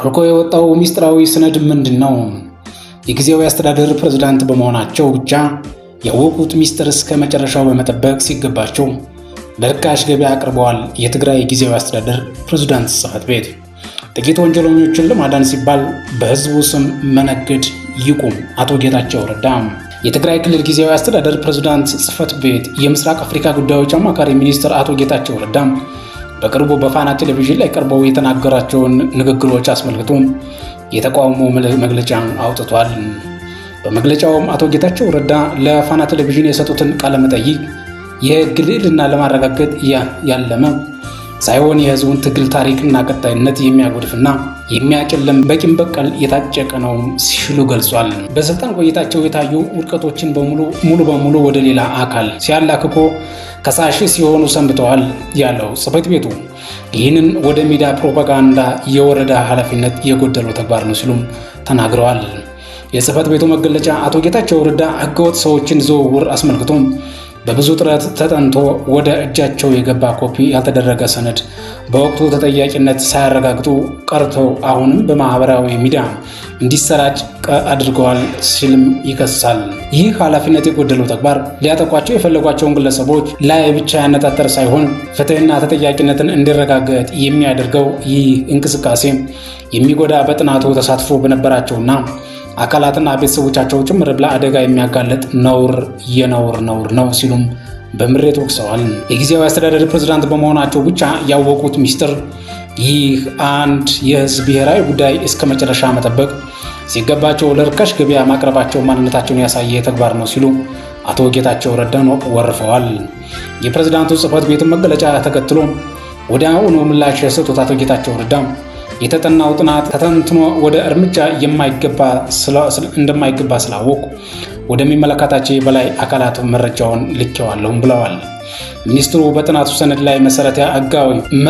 አልኮ የወጣው ሚስጥራዊ ሰነድ ምንድን ነው? የጊዜያዊ አስተዳደር ፕሬዝዳንት በመሆናቸው ብቻ ያወቁት ሚስጥር እስከ መጨረሻው በመጠበቅ ሲገባቸው ለርካሽ ገበያ አቅርበዋል። የትግራይ ጊዜያዊ አስተዳደር ፕሬዝዳንት ጽህፈት ቤት ጥቂት ወንጀለኞችን ለማዳን ሲባል በህዝቡ ስም መነገድ ይቁም። አቶ ጌታቸው ረዳ የትግራይ ክልል ጊዜያዊ አስተዳደር ፕሬዝዳንት ጽህፈት ቤት የምስራቅ አፍሪካ ጉዳዮች አማካሪ ሚኒስትር አቶ ጌታቸው ረዳም በቅርቡ በፋና ቴሌቪዥን ላይ ቀርበው የተናገራቸውን ንግግሮች አስመልክቶ የተቃውሞ መግለጫ አውጥቷል። በመግለጫውም አቶ ጌታቸው ረዳ ለፋና ቴሌቪዥን የሰጡትን ቃለ መጠይቅ የሕግ ልዕልና ለማረጋገጥ ያለመ ሳይሆን የህዝቡን ትግል ታሪክና ቀጣይነት የሚያጎድፍና የሚያጨለም በቂም በቀል የታጨቀ ነው ሲሉ ገልጿል። በስልጣን ቆይታቸው የታዩ ውድቀቶችን በሙሉ ሙሉ በሙሉ ወደ ሌላ አካል ሲያላክኮ ከሳሽ ሲሆኑ ሰንብተዋል ያለው ጽህፈት ቤቱ ይህንን ወደ ሚዲያ ፕሮፓጋንዳ የወረደ ኃላፊነት የጎደለው ተግባር ነው ሲሉም ተናግረዋል። የጽህፈት ቤቱ መገለጫ አቶ ጌታቸው ረዳ ህገወጥ ሰዎችን ዝውውር አስመልክቶም በብዙ ጥረት ተጠንቶ ወደ እጃቸው የገባ ኮፒ ያልተደረገ ሰነድ በወቅቱ ተጠያቂነት ሳያረጋግጡ ቀርተው አሁንም በማህበራዊ ሚዲያ እንዲሰራጭ አድርገዋል ሲልም ይከሳል። ይህ ኃላፊነት የጎደለው ተግባር ሊያጠቋቸው የፈለጓቸውን ግለሰቦች ላይ ብቻ ያነጣጠር ሳይሆን ፍትህና ተጠያቂነትን እንዲረጋገጥ የሚያደርገው ይህ እንቅስቃሴ የሚጎዳ በጥናቱ ተሳትፎ በነበራቸውና አካላትና ቤተሰቦቻቸው ጭምር ለአደጋ የሚያጋለጥ ነውር የነውር ነውር ነው ሲሉም በምሬት ወቅሰዋል። የጊዜያዊ አስተዳደር ፕሬዝዳንት በመሆናቸው ብቻ ያወቁት ሚስጥር ይህ አንድ የህዝብ ብሔራዊ ጉዳይ እስከ መጨረሻ መጠበቅ ሲገባቸው ለርካሽ ገበያ ማቅረባቸው ማንነታቸውን ያሳየ ተግባር ነው ሲሉ አቶ ጌታቸው ረዳን ወርፈዋል። የፕሬዝዳንቱ ጽህፈት ቤትን መገለጫ ተከትሎ ወዲያውኑ ምላሽ የሰጡት አቶ ጌታቸው ረዳ የተጠናው ጥናት ተተንትኖ ወደ እርምጃ እንደማይገባ ስላወቅ። ወደሚመለከታቸው የበላይ አካላት መረጃውን ልኬዋለሁም ብለዋል። ሚኒስትሩ በጥናቱ ሰነድ ላይ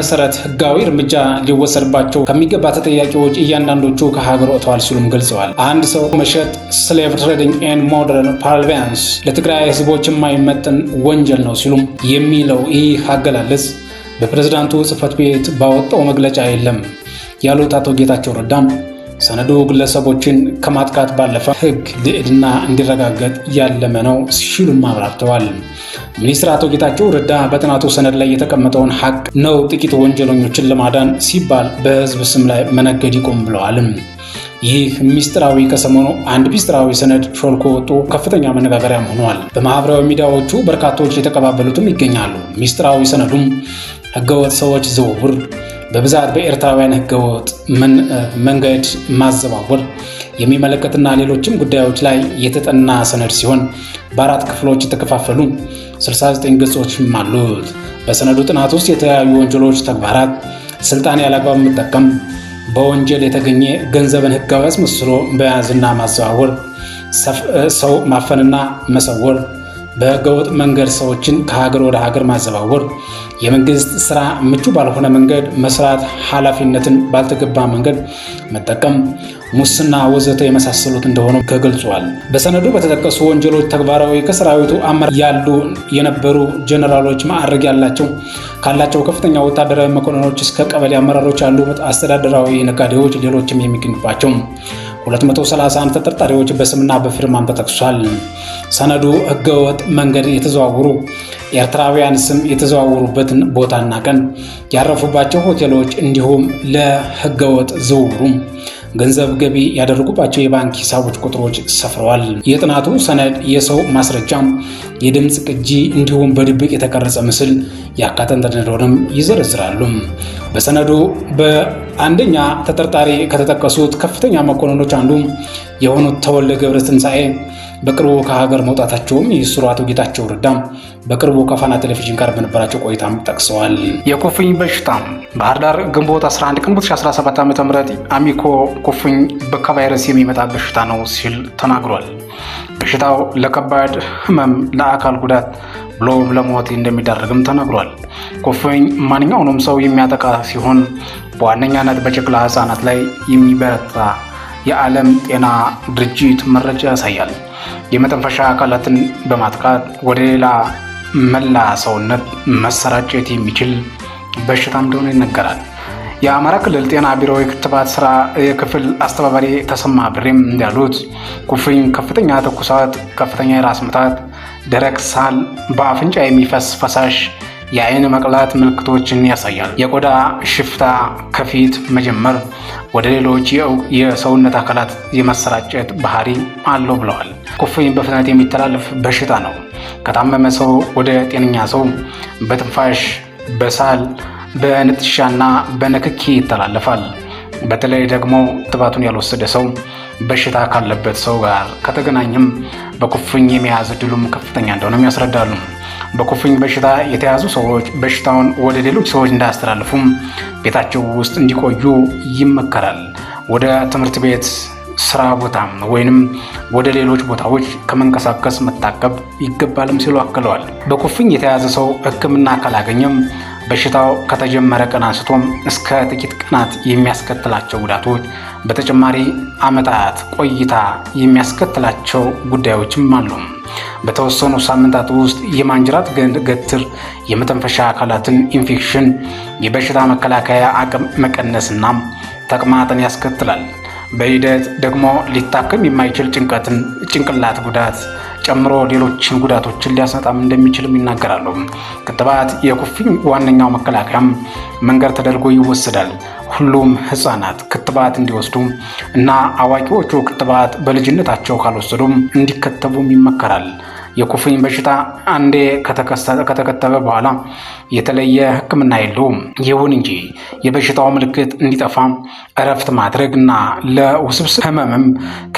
መሰረት ህጋዊ እርምጃ ሊወሰድባቸው ከሚገባ ተጠያቂዎች እያንዳንዶቹ ከሀገር ወጥተዋል ሲሉም ገልጸዋል። አንድ ሰው መሸጥ ስሌቭ ትሬዲንግ ኤንድ ሞደርን ፓርቪያንስ ለትግራይ ህዝቦች የማይመጥን ወንጀል ነው ሲሉም የሚለው ይህ አገላለጽ በፕሬዝዳንቱ ጽህፈት ቤት ባወጣው መግለጫ የለም ያሉት አቶ ጌታቸው ረዳም ሰነዱ ግለሰቦችን ከማጥቃት ባለፈ ሕግ ልዕልና እንዲረጋገጥ ያለመ ነው ሲሉም አብራርተዋል። ሚኒስትር አቶ ጌታቸው ረዳ በጥናቱ ሰነድ ላይ የተቀመጠውን ሀቅ ነው ጥቂት ወንጀለኞችን ለማዳን ሲባል በህዝብ ስም ላይ መነገድ ይቆም ብለዋል። ይህ ሚስጥራዊ ከሰሞኑ አንድ ሚስጥራዊ ሰነድ ሾልኮ ወጡ ከፍተኛ መነጋገሪያም ሆኗል። በማህበራዊ ሚዲያዎቹ በርካቶች የተቀባበሉትም ይገኛሉ። ሚስጥራዊ ሰነዱም ሕገወጥ ሰዎች ዝውውር በብዛት በኤርትራውያን ህገወጥ መንገድ ማዘዋወር የሚመለከትና ሌሎችም ጉዳዮች ላይ የተጠና ሰነድ ሲሆን በአራት ክፍሎች የተከፋፈሉ 69 ገጾችም አሉት። በሰነዱ ጥናት ውስጥ የተለያዩ ወንጀሎች፣ ተግባራት፣ ስልጣን ያላግባብ መጠቀም፣ በወንጀል የተገኘ ገንዘብን ህጋዊ አስመስሎ መያዝና ማዘዋወር፣ ሰው ማፈንና መሰወር፣ በህገወጥ መንገድ ሰዎችን ከሀገር ወደ ሀገር ማዘዋወር የመንግስት ስራ ምቹ ባልሆነ መንገድ መስራት፣ ኃላፊነትን ባልተገባ መንገድ መጠቀም፣ ሙስና ወዘተ የመሳሰሉት እንደሆኑ ተገልጿል። በሰነዱ በተጠቀሱ ወንጀሎች ተግባራዊ ከሰራዊቱ አመራር ያሉ የነበሩ ጀነራሎች ማዕረግ ያላቸው ካላቸው ከፍተኛ ወታደራዊ መኮንኖች እስከ ቀበሌ አመራሮች ያሉ አስተዳደራዊ ነጋዴዎች፣ ሌሎችም የሚገኙባቸው 231 ተጠርጣሪዎች በስምና በፊርማም ተጠቅሷል። ሰነዱ ህገወጥ መንገድ የተዘዋወሩ ኤርትራውያን ስም የተዘዋወሩበትን ቦታና ቀን፣ ያረፉባቸው ሆቴሎች እንዲሁም ለህገወጥ ዝውውሩ ገንዘብ ገቢ ያደረጉባቸው የባንክ ሂሳቦች ቁጥሮች ሰፍረዋል። የጥናቱ ሰነድ የሰው ማስረጃም፣ የድምፅ ቅጂ እንዲሁም በድብቅ የተቀረጸ ምስል ያካተተ እንደሆነም ይዘረዝራሉ። በሰነዱ በአንደኛ ተጠርጣሪ ከተጠቀሱት ከፍተኛ መኮንኖች አንዱ የሆኑት ተወልደ ገብረ ትንሣኤ በቅርቡ ከሀገር መውጣታቸውም የሱሩ አቶ ጌታቸው ረዳ በቅርቡ ከፋና ቴሌቪዥን ጋር በነበራቸው ቆይታም ጠቅሰዋል። የኩፍኝ በሽታ ባህር ዳር ግንቦት 11 ቀን 2017 ዓ ም አሚኮ ኩፍኝ ቫይረስ የሚመጣ በሽታ ነው ሲል ተናግሯል። በሽታው ለከባድ ህመም፣ ለአካል ጉዳት ብሎም ለሞት እንደሚዳረግም ተነግሯል። ኩፍኝ ማንኛውንም ሰው የሚያጠቃ ሲሆን በዋነኛነት በጨቅላ ህፃናት ላይ የሚበረታ የዓለም ጤና ድርጅት መረጃ ያሳያል። የመተንፈሻ አካላትን በማጥቃት ወደ ሌላ መላ ሰውነት መሰራጨት የሚችል በሽታ እንደሆነ ይነገራል። የአማራ ክልል ጤና ቢሮ የክትባት ስራ የክፍል አስተባባሪ ተሰማ ብሬም እንዳሉት ኩፍኝ ከፍተኛ ትኩሳት፣ ከፍተኛ የራስ ምታት፣ ደረቅ ሳል፣ በአፍንጫ የሚፈስ ፈሳሽ የአይን መቅላት ምልክቶችን ያሳያል። የቆዳ ሽፍታ ከፊት መጀመር ወደ ሌሎች የሰውነት አካላት የመሰራጨት ባህሪ አለው ብለዋል። ኩፍኝ በፍጥነት የሚተላለፍ በሽታ ነው። ከታመመ ሰው ወደ ጤነኛ ሰው በትንፋሽ፣ በሳል፣ በንጥሻና በንክኪ ይተላለፋል። በተለይ ደግሞ ክትባቱን ያልወሰደ ሰው በሽታ ካለበት ሰው ጋር ከተገናኘም በኩፍኝ የመያዝ እድሉም ከፍተኛ እንደሆነም ያስረዳሉ። በኩፍኝ በሽታ የተያዙ ሰዎች በሽታውን ወደ ሌሎች ሰዎች እንዳያስተላልፉም ቤታቸው ውስጥ እንዲቆዩ ይመከራል። ወደ ትምህርት ቤት፣ ስራ ቦታ ወይንም ወደ ሌሎች ቦታዎች ከመንቀሳቀስ መታቀብ ይገባልም ሲሉ አክለዋል። በኩፍኝ የተያዘ ሰው ሕክምና ካላገኘም በሽታው ከተጀመረ ቀን አንስቶም እስከ ጥቂት ቀናት የሚያስከትላቸው ጉዳቶች በተጨማሪ ዓመታት ቆይታ የሚያስከትላቸው ጉዳዮችም አሉ። በተወሰኑ ሳምንታት ውስጥ የማንጅራት ገትር የመተንፈሻ አካላትን ኢንፌክሽን፣ የበሽታ መከላከያ አቅም መቀነስና ተቅማጥን ያስከትላል። በሂደት ደግሞ ሊታከም የማይችል ጭንቀትን፣ ጭንቅላት ጉዳት ጨምሮ ሌሎችን ጉዳቶችን ሊያስነጣም እንደሚችልም ይናገራሉ። ክትባት የኩፍኝ ዋነኛው መከላከያም መንገድ ተደርጎ ይወሰዳል። ሁሉም ህጻናት ክትባት እንዲወስዱ እና አዋቂዎቹ ክትባት በልጅነታቸው ካልወሰዱም እንዲከተቡም ይመከራል። የኩፍኝ በሽታ አንዴ ከተከተበ በኋላ የተለየ ሕክምና የለውም። ይሁን እንጂ የበሽታው ምልክት እንዲጠፋ እረፍት ማድረግ እና ለውስብስብ ህመምም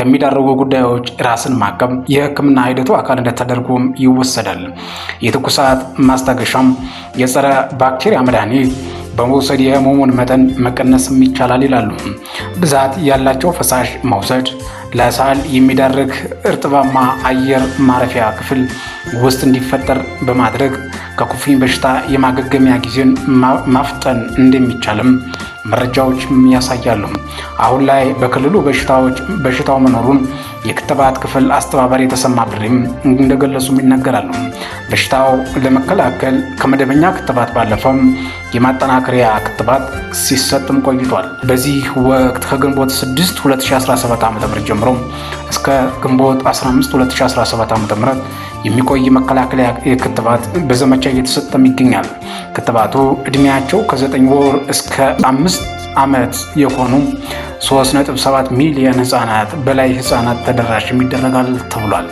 ከሚዳረጉ ጉዳዮች ራስን ማቀብ የሕክምና ሂደቱ አካል እንደተደርጎም ይወሰዳል። የትኩሳት ማስታገሻም፣ የጸረ ባክቴሪያ መድኃኒት በመውሰድ የህመሙን መጠን መቀነስም ይቻላል ይላሉ። ብዛት ያላቸው ፈሳሽ መውሰድ፣ ለሳል የሚዳርግ እርጥባማ አየር ማረፊያ ክፍል ውስጥ እንዲፈጠር በማድረግ ከኩፍኝ በሽታ የማገገሚያ ጊዜን ማፍጠን እንደሚቻልም መረጃዎች ያሳያሉ። አሁን ላይ በክልሉ በሽታው መኖሩን የክትባት ክፍል አስተባባሪ የተሰማ ብሬም እንደገለጹም ይነገራሉ። በሽታው ለመከላከል ከመደበኛ ክትባት ባለፈም የማጠናከሪያ ክትባት ሲሰጥም ቆይቷል። በዚህ ወቅት ከግንቦት 6 2017 ዓ.ም ጀምሮ እስከ ግንቦት 15 2017 ዓ.ም የሚቆይ መከላከያ ክትባት በዘመቻ እየተሰጠም ይገኛል። ክትባቱ እድሜያቸው ከዘጠኝ ወር እስከ አምስት ዓመት የሆኑ 3.7 ሚሊዮን ህጻናት በላይ ህጻናት ተደራሽም ይደረጋል ተብሏል።